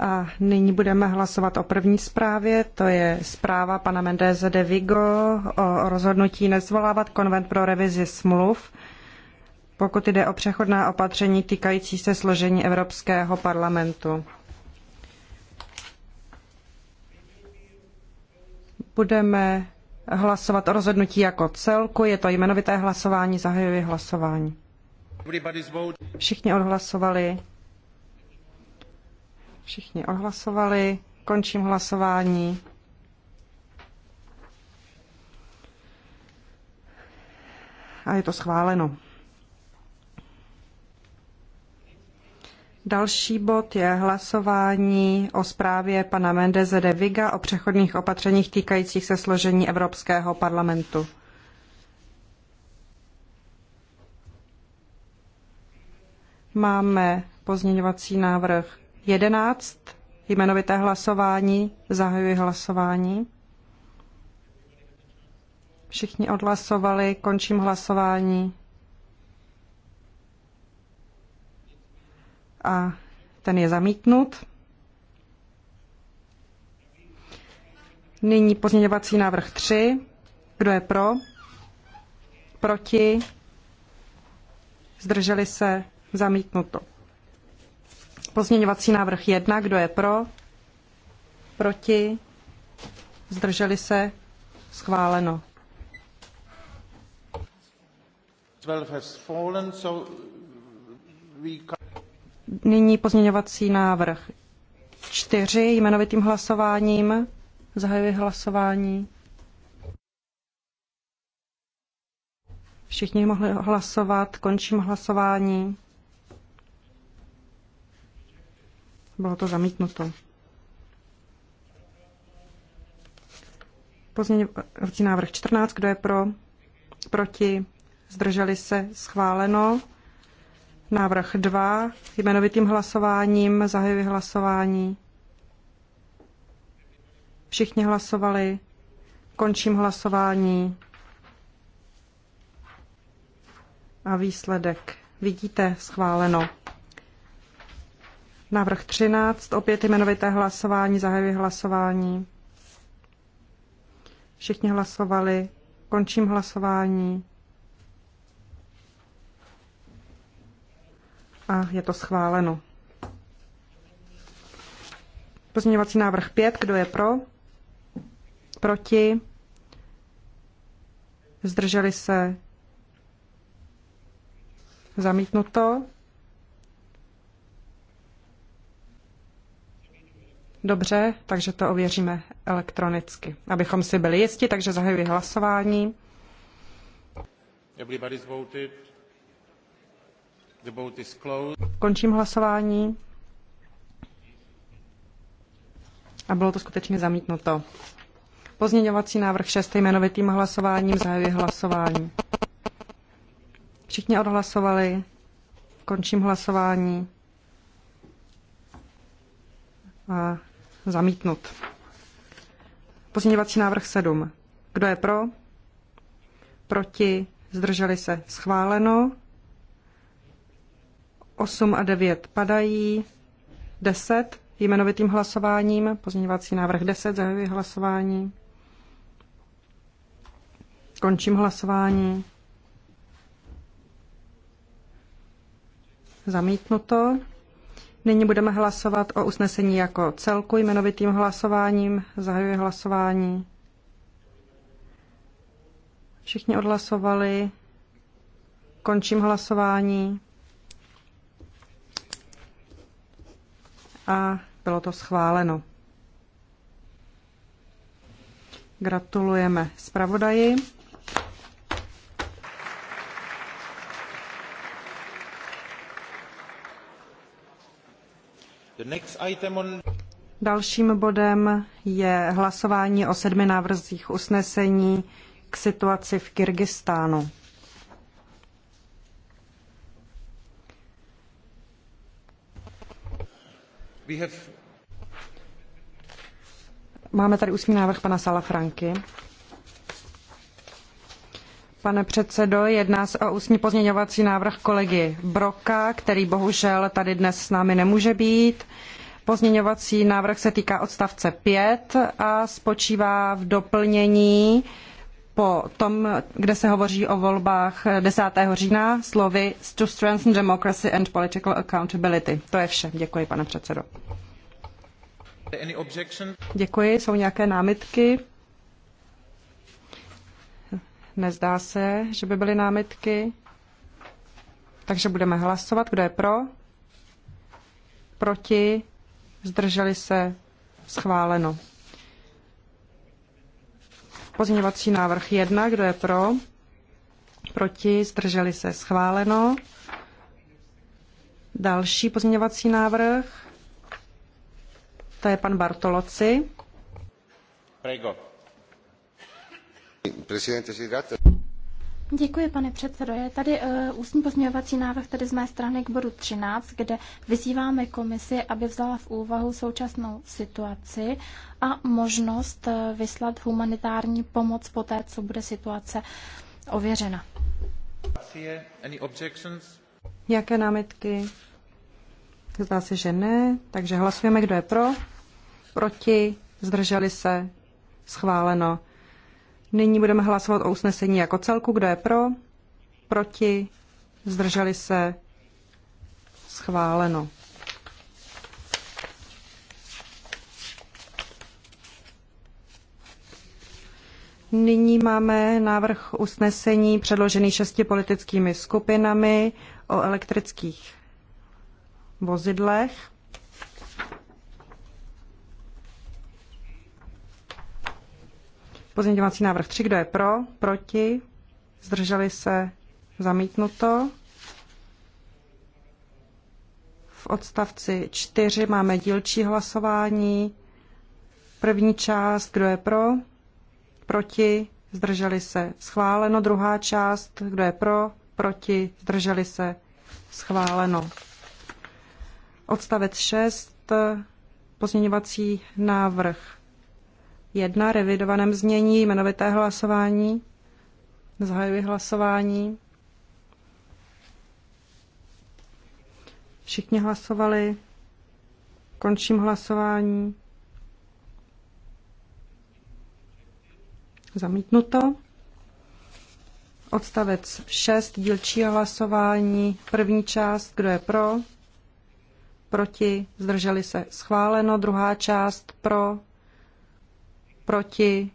A nyní budeme hlasovat o první zprávě, to je zpráva pana Mendeze de Vigo o rozhodnutí nezvolávat konvent pro revizi smluv, pokud jde o přechodná opatření týkající se složení Evropského parlamentu. Budeme hlasovat o rozhodnutí jako celku, je to jmenovité hlasování, zahajuji hlasování. Všichni odhlasovali. Všichni odhlasovali. Končím hlasování. A je to schváleno. Další bod je hlasování o zprávě pana Mendeze de Viga o přechodných opatřeních týkajících se složení Evropského parlamentu. Máme pozměňovací návrh 11, jmenovité hlasování, zahajuji hlasování. Všichni odhlasovali, končím hlasování. A ten je zamítnut. Nyní pozměňovací návrh 3. Kdo je pro? Proti? Zdrželi se? Zamítnuto. Pozměňovací návrh 1, kdo je pro? Proti? Zdrželi se? Schváleno. 12 has fallen, so we... Nyní pozměňovací návrh 4 jmenovitým hlasováním. Zahajuji hlasování. Všichni mohli hlasovat, končím hlasování. Bylo to zamítnuto. Pozměňovací návrh 14. Kdo je pro? Proti? Zdrželi se? Schváleno. Návrh 2. Jmenovitým hlasováním zahajuji hlasování. Všichni hlasovali. Končím hlasování. A výsledek. Vidíte, schváleno. Návrh 13, opět jmenovité hlasování, zahajuji hlasování. Všichni hlasovali, končím hlasování. A je to schváleno. Pozměňovací návrh 5, kdo je pro? Proti? Zdrželi se? Zamítnuto. Dobře, takže to ověříme elektronicky, abychom si byli jisti, takže zahajuji hlasování. Everybody's voted. The vote is closed. Končím hlasování. A bylo to skutečně zamítnuto. Pozměňovací návrh 6. jmenovitým hlasováním zahajuje hlasování. Všichni odhlasovali. Končím hlasování zamítnut. Pozměňovací návrh 7. Kdo je pro? Proti? Zdrželi se? Schváleno. 8 a 9 padají. 10 jmenovitým hlasováním. Pozměňovací návrh 10 zahajuji hlasování. Končím hlasování. Zamítnuto. Nyní budeme hlasovat o usnesení jako celku jmenovitým hlasováním. Zahajuji hlasování. Všichni odhlasovali. Končím hlasování. A bylo to schváleno. Gratulujeme zpravodaji. Dalším bodem je hlasování o sedmi návrzích usnesení k situaci v Kyrgyzstánu. Máme tady ústní návrh pana Salafranky. Pane předsedo, jedná se o ústní pozměňovací návrh kolegy Broka, který bohužel tady dnes s námi nemůže být. Pozměňovací návrh se týká odstavce 5 a spočívá v doplnění po tom, kde se hovoří o volbách 10. října, slovy to strengthen democracy and political accountability. To je vše. Děkuji, pane předsedo. Děkuji. Jsou nějaké námitky? Nezdá se, že by byly námitky. Takže budeme hlasovat. Kdo je pro? Proti? Zdrželi se? Schváleno. Pozměňovací návrh 1. Kdo je pro? Proti? Zdrželi se? Schváleno. Další pozměňovací návrh. To je pan Bartoloci. Prego. Děkuji, pane předsedo. Je tady uh, ústní pozměňovací návrh tady z mé strany k bodu 13, kde vyzýváme komisi, aby vzala v úvahu současnou situaci a možnost uh, vyslat humanitární pomoc po té, co bude situace ověřena. Jaké námitky? Zdá se, že ne. Takže hlasujeme, kdo je pro, proti, zdrželi se, schváleno. Nyní budeme hlasovat o usnesení jako celku. Kdo je pro? Proti? Zdrželi se? Schváleno. Nyní máme návrh usnesení předložený šesti politickými skupinami o elektrických vozidlech. Pozměňovací návrh 3, kdo je pro, proti, zdrželi se, zamítnuto. V odstavci 4 máme dílčí hlasování. První část, kdo je pro, proti, zdrželi se, schváleno. Druhá část, kdo je pro, proti, zdrželi se, schváleno. Odstavec 6, pozměňovací návrh 1 revidovaném znění, jmenovité hlasování. Zahajuji hlasování. Všichni hlasovali. Končím hlasování. Zamítnuto. Odstavec 6, dílčí hlasování. První část, kdo je pro? Proti, zdrželi se, schváleno. Druhá část, pro, proti,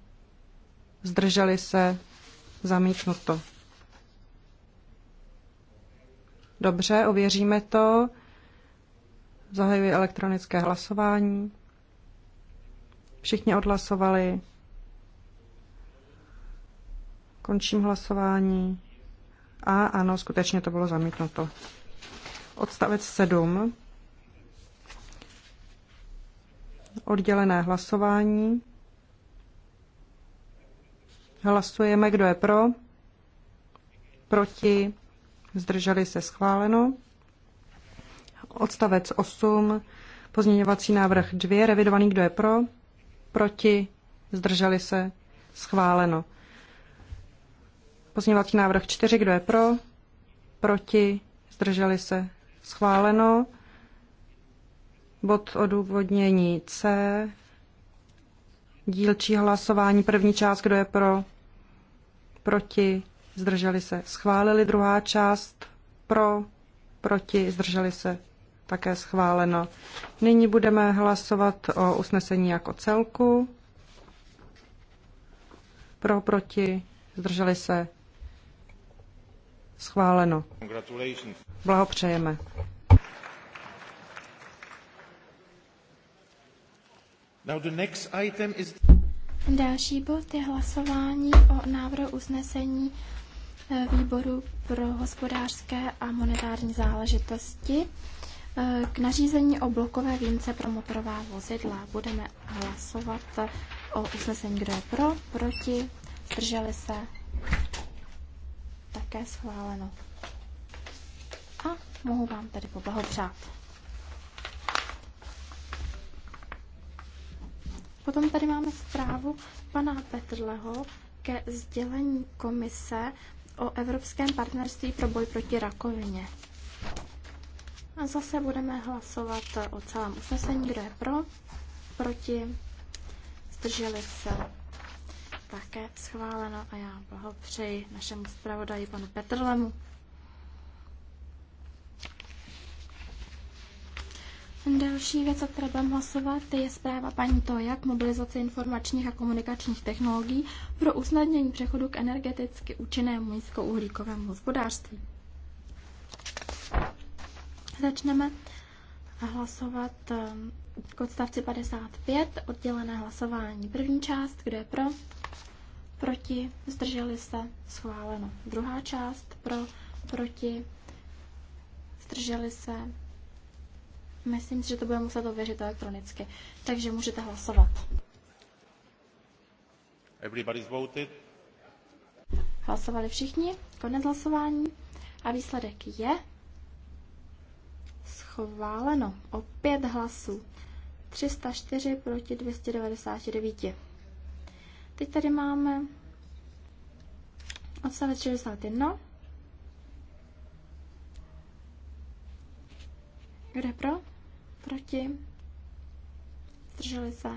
zdrželi se, zamítnuto. Dobře, ověříme to. Zahajuji elektronické hlasování. Všichni odhlasovali. Končím hlasování. A ano, skutečně to bylo zamítnuto. Odstavec 7. Oddělené hlasování. Hlasujeme, kdo je pro, proti, zdrželi se schváleno. Odstavec 8, pozměňovací návrh 2, revidovaný, kdo je pro, proti, zdrželi se schváleno. Pozměňovací návrh 4, kdo je pro, proti, zdrželi se schváleno. Bod odůvodnění C, dílčí hlasování, první část, kdo je pro, proti, zdrželi se, schválili druhá část, pro, proti, zdrželi se, také schváleno. Nyní budeme hlasovat o usnesení jako celku. Pro, proti, zdrželi se, schváleno. Blahopřejeme. Now the next item is... Další bod je hlasování o návrhu usnesení eh, výboru pro hospodářské a monetární záležitosti eh, k nařízení o blokové výjimce pro motorová vozidla. Budeme hlasovat eh, o usnesení, kdo je pro, proti, zdrželi se, také schváleno. A mohu vám tedy poblahopřát. Potom tady máme zprávu pana Petrleho ke sdělení komise o Evropském partnerství pro boj proti rakovině. A zase budeme hlasovat o celém usnesení, kdo je pro, proti, zdrželi se také schváleno a já blahopřeji našemu zpravodaji panu Petrlemu. Další věc, o které budeme hlasovat, je zpráva paní Toja k mobilizaci informačních a komunikačních technologií pro usnadnění přechodu k energeticky účinnému nízkouhlíkovému hospodářství. Začneme hlasovat ehm, k odstavci 55, oddělené hlasování. První část, kdo je pro, proti, zdrželi se, schváleno. Druhá část, pro, proti, zdrželi se, Myslím si, že to bude muset ověřit elektronicky. Takže můžete hlasovat. Everybody's voted. Hlasovali všichni, konec hlasování a výsledek je schváleno o pět hlasů. 304 proti 299. Teď tady máme odstavec 61. Kdo je pro? Proti? Zdrželi se?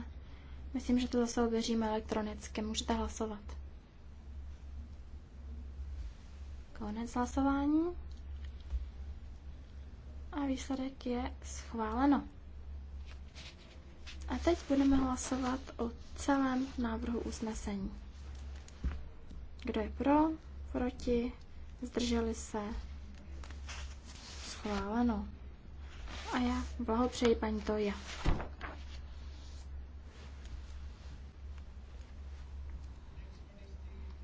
Myslím, že to zase ověříme elektronicky. Můžete hlasovat. Konec hlasování. A výsledek je schváleno. A teď budeme hlasovat o celém návrhu usnesení. Kdo je pro, proti, zdrželi se, schváleno. A já blahopřeji paní Toja.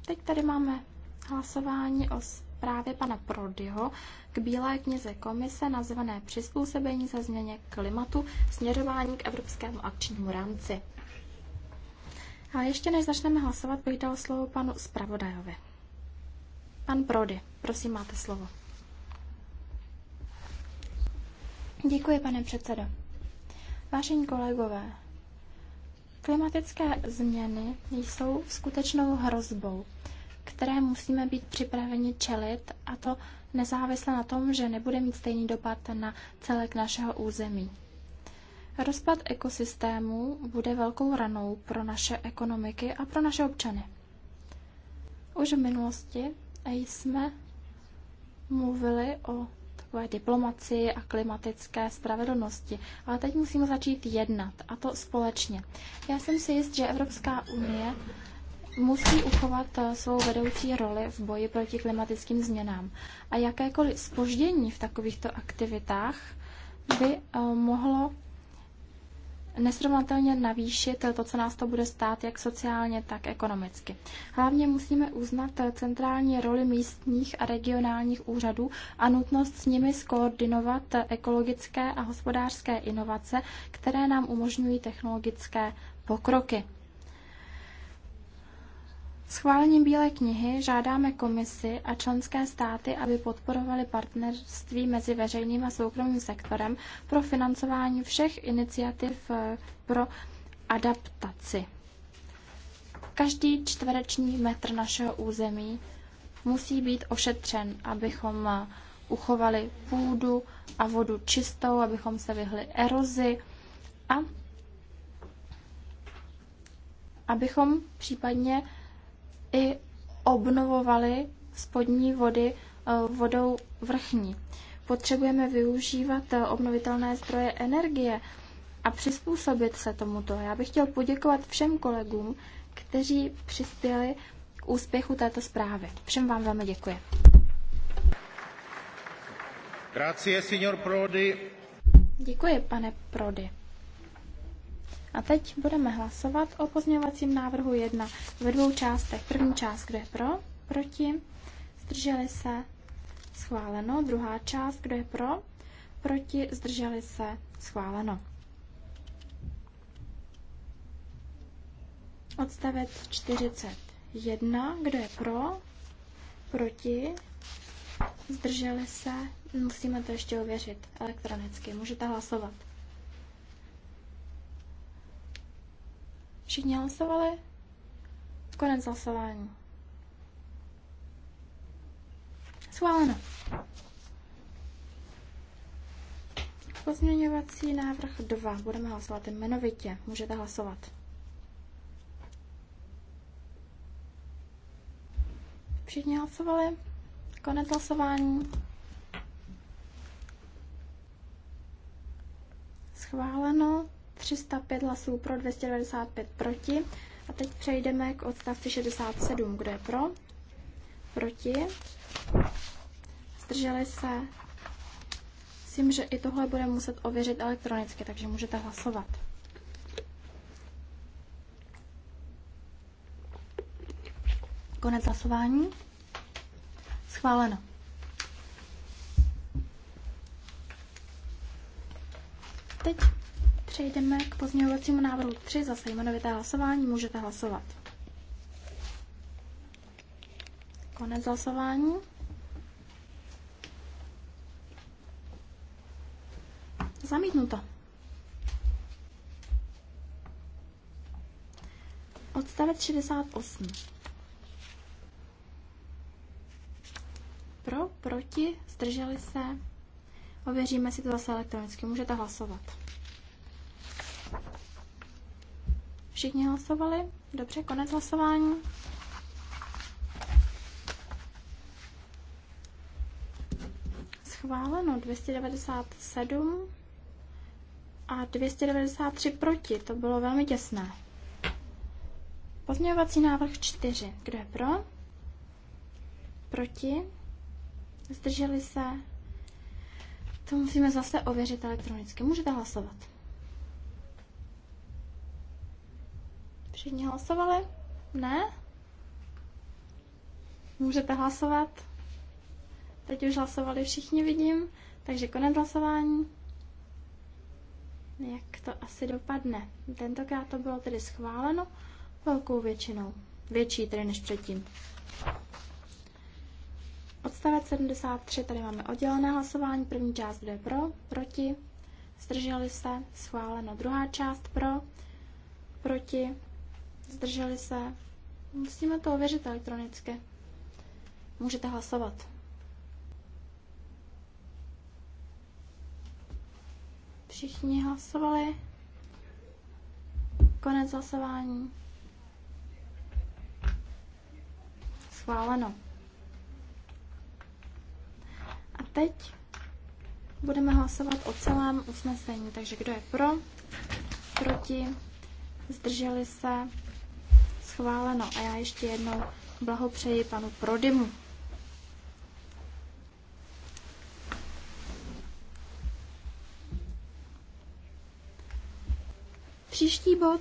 Teď tady máme hlasování o zprávě pana Prodyho k Bílé knize komise nazvané Přizpůsobení za změně klimatu směřování k Evropskému akčnímu rámci. Ale ještě než začneme hlasovat, bych dal slovo panu zpravodajovi. Pan Prody, prosím, máte slovo. Děkuji, pane předsedo. Vážení kolegové, klimatické změny jsou skutečnou hrozbou, které musíme být připraveni čelit, a to nezávisle na tom, že nebude mít stejný dopad na celek našeho území. Rozpad ekosystému bude velkou ranou pro naše ekonomiky a pro naše občany. Už v minulosti jsme mluvili o takové diplomaci a klimatické spravedlnosti. Ale teď musíme začít jednat, a to společně. Já jsem si jist, že Evropská unie musí uchovat eh, svou vedoucí roli v boji proti klimatickým změnám. A jakékoliv spoždění v takovýchto aktivitách by eh, mohlo nesrovnatelně navýšit to, co nás to bude stát, jak sociálně, tak ekonomicky. Hlavně musíme uznat centrální roli místních a regionálních úřadů a nutnost s nimi skoordinovat ekologické a hospodářské inovace, které nám umožňují technologické pokroky. Schválením Bílé knihy žádáme komisi a členské státy, aby podporovali partnerství mezi veřejným a soukromým sektorem pro financování všech iniciativ eh, pro adaptaci. Každý čtvereční metr našeho území musí být ošetřen, abychom eh, uchovali půdu a vodu čistou, abychom se vyhli erozi a abychom případně i obnovovali spodní vody eh, vodou vrchní. Potřebujeme využívat eh, obnovitelné zdroje energie a přizpůsobit se tomuto. Já bych chtěl poděkovat všem kolegům, kteří přispěli k úspěchu této zprávy. Všem vám velmi děkuji. Grazie, signor Prodi. Děkuji, pane Prody. A teď budeme hlasovat o pozměňovacím návrhu 1 ve dvou částech. První část, kdo je pro, proti, zdrželi se, schváleno. Druhá část, kdo je pro, proti, zdrželi se, schváleno. Odstavec 41, kdo je pro, proti, zdrželi se, musíme to ještě ověřit elektronicky, můžete hlasovat. Všichni hlasovali? Konec hlasování. Schváleno. Pozměňovací návrh 2. Budeme hlasovat jmenovitě. Můžete hlasovat. Všichni hlasovali? Konec hlasování. Schváleno. 305 hlasů pro, 295 proti. A teď přejdeme k odstavci 67. Kdo je pro? Proti? Zdrželi se? Myslím, že i tohle bude muset ověřit elektronicky, takže můžete hlasovat. Konec hlasování. Schváleno. Teď Přejdeme k pozměňovacímu návrhu 3, zase jmenovité hlasování, můžete hlasovat. Konec hlasování. Zamítnuto. Odstavec 68. Pro, proti, zdrželi se. Ověříme si to zase elektronicky. Můžete hlasovat. Všichni hlasovali? Dobře, konec hlasování. Schváleno 297 a 293 proti. To bylo velmi těsné. Pozměňovací návrh 4. Kdo je pro? Proti? Zdrželi se? To musíme zase ověřit elektronicky. Můžete hlasovat. Všichni hlasovali? Ne? Můžete hlasovat. Teď už hlasovali všichni, vidím. Takže konec hlasování. Jak to asi dopadne? Tentokrát to bylo tedy schváleno velkou většinou. Větší tedy než předtím. Odstavec 73, tady máme oddělené hlasování. První část, bude pro, proti, zdrželi se, schváleno. Druhá část pro, proti, zdrželi se. Musíme to ověřit elektronicky. Můžete hlasovat. Všichni hlasovali. Konec hlasování. Schváleno. A teď budeme hlasovat o celém usnesení. Takže kdo je pro, proti, zdrželi se, Schváleno. A já ještě jednou blahopřeji panu Prodymu. Příští bod,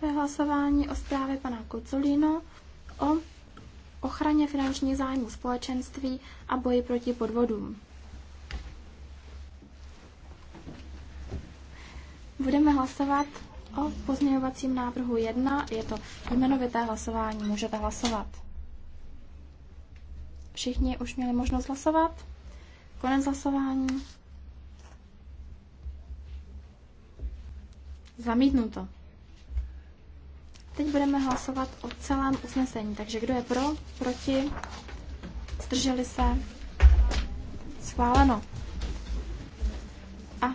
to je hlasování o zprávě pana Kocolino o ochraně finančních zájmů společenství a boji proti podvodům. Budeme hlasovat O pozměňovacím návrhu 1 je to jmenovité hlasování. Můžete hlasovat. Všichni už měli možnost hlasovat. Konec hlasování. Zamítnuto. Teď budeme hlasovat o celém usnesení. Takže kdo je pro, proti, zdrželi se, schváleno. A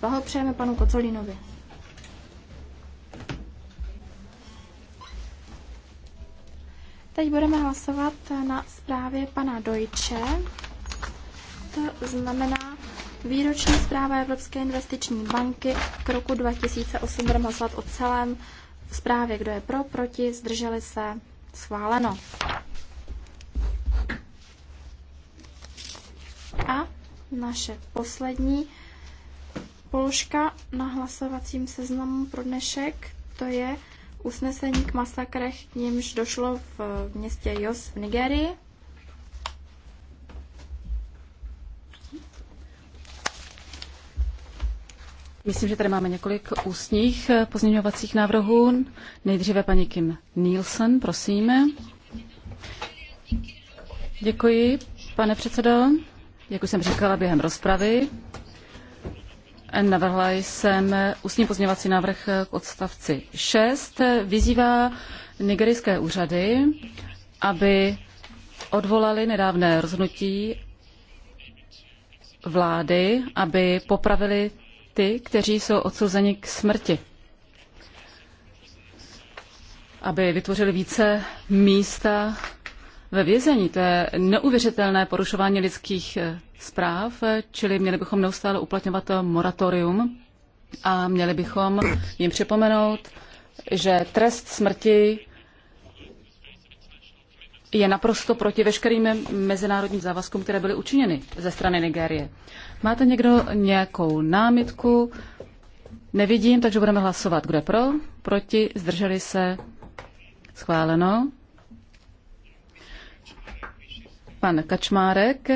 blahopřejeme panu Kocolínovi. Teď budeme hlasovat na zprávě pana Dojče. To znamená výroční zpráva Evropské investiční banky k roku 2008. Budeme hlasovat o celém zprávě, kdo je pro, proti, zdrželi se, schváleno. A naše poslední položka na hlasovacím seznamu pro dnešek, to je usnesení k masakrech, k nímž došlo v městě Jos v Nigerii. Myslím, že tady máme několik ústních eh, pozměňovacích návrhů. Nejdříve paní Kim Nielsen, prosím. Děkuji, pane předsedo. Jak už jsem říkala během rozpravy, Navrhla jsem ústní pozměvací návrh k odstavci 6. Vyzývá nigerijské úřady, aby odvolali nedávné rozhodnutí vlády, aby popravili ty, kteří jsou odsouzeni k smrti. Aby vytvořili více místa ve vězení. To je neuvěřitelné porušování lidských zpráv, čili měli bychom neustále uplatňovat moratorium a měli bychom jim připomenout, že trest smrti je naprosto proti veškerým mezinárodním závazkům, které byly učiněny ze strany Nigérie. Máte někdo nějakou námitku? Nevidím, takže budeme hlasovat. Kdo je pro? Proti? Zdrželi se? Schváleno. Pan Kačmárek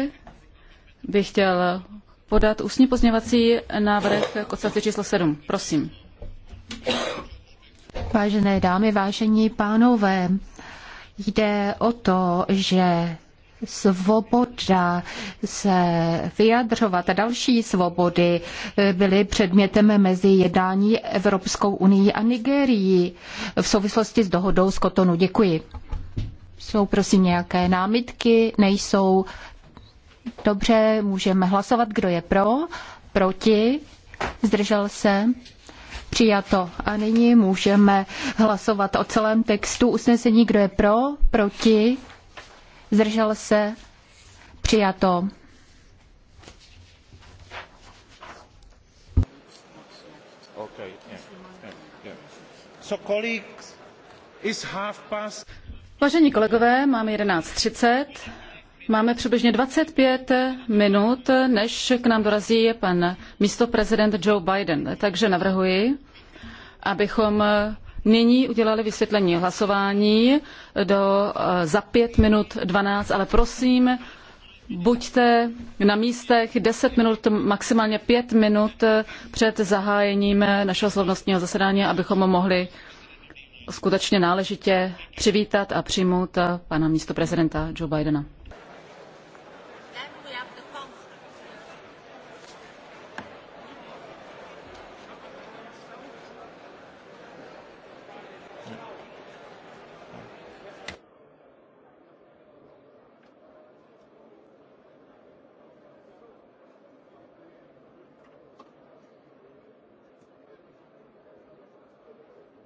bych chtěl podat ústní pozměňovací návrh k odstavci číslo 7. Prosím. Vážené dámy, vážení pánové, jde o to, že svoboda se vyjadřovat a další svobody byly předmětem mezi jednání Evropskou unii a Nigerii v souvislosti s dohodou z Kotonu. Děkuji. Jsou prosím nějaké námitky, nejsou, Dobře, můžeme hlasovat, kdo je pro, proti, zdržel se, přijato. A nyní můžeme hlasovat o celém textu usnesení, kdo je pro, proti, zdržel se, přijato. Okay, yeah, yeah, yeah. So Vážení kolegové, máme 11.30. Máme přibližně 25 minut, než k nám dorazí pan místoprezident Joe Biden. Takže navrhuji, abychom nyní udělali vysvětlení hlasování do eh, za 5 minut 12, ale prosím, buďte na místech 10 minut, maximálně 5 minut před zahájením našeho slavnostního zasedání, abychom mohli skutečně náležitě přivítat a přijmout pana místoprezidenta Joe Bidena.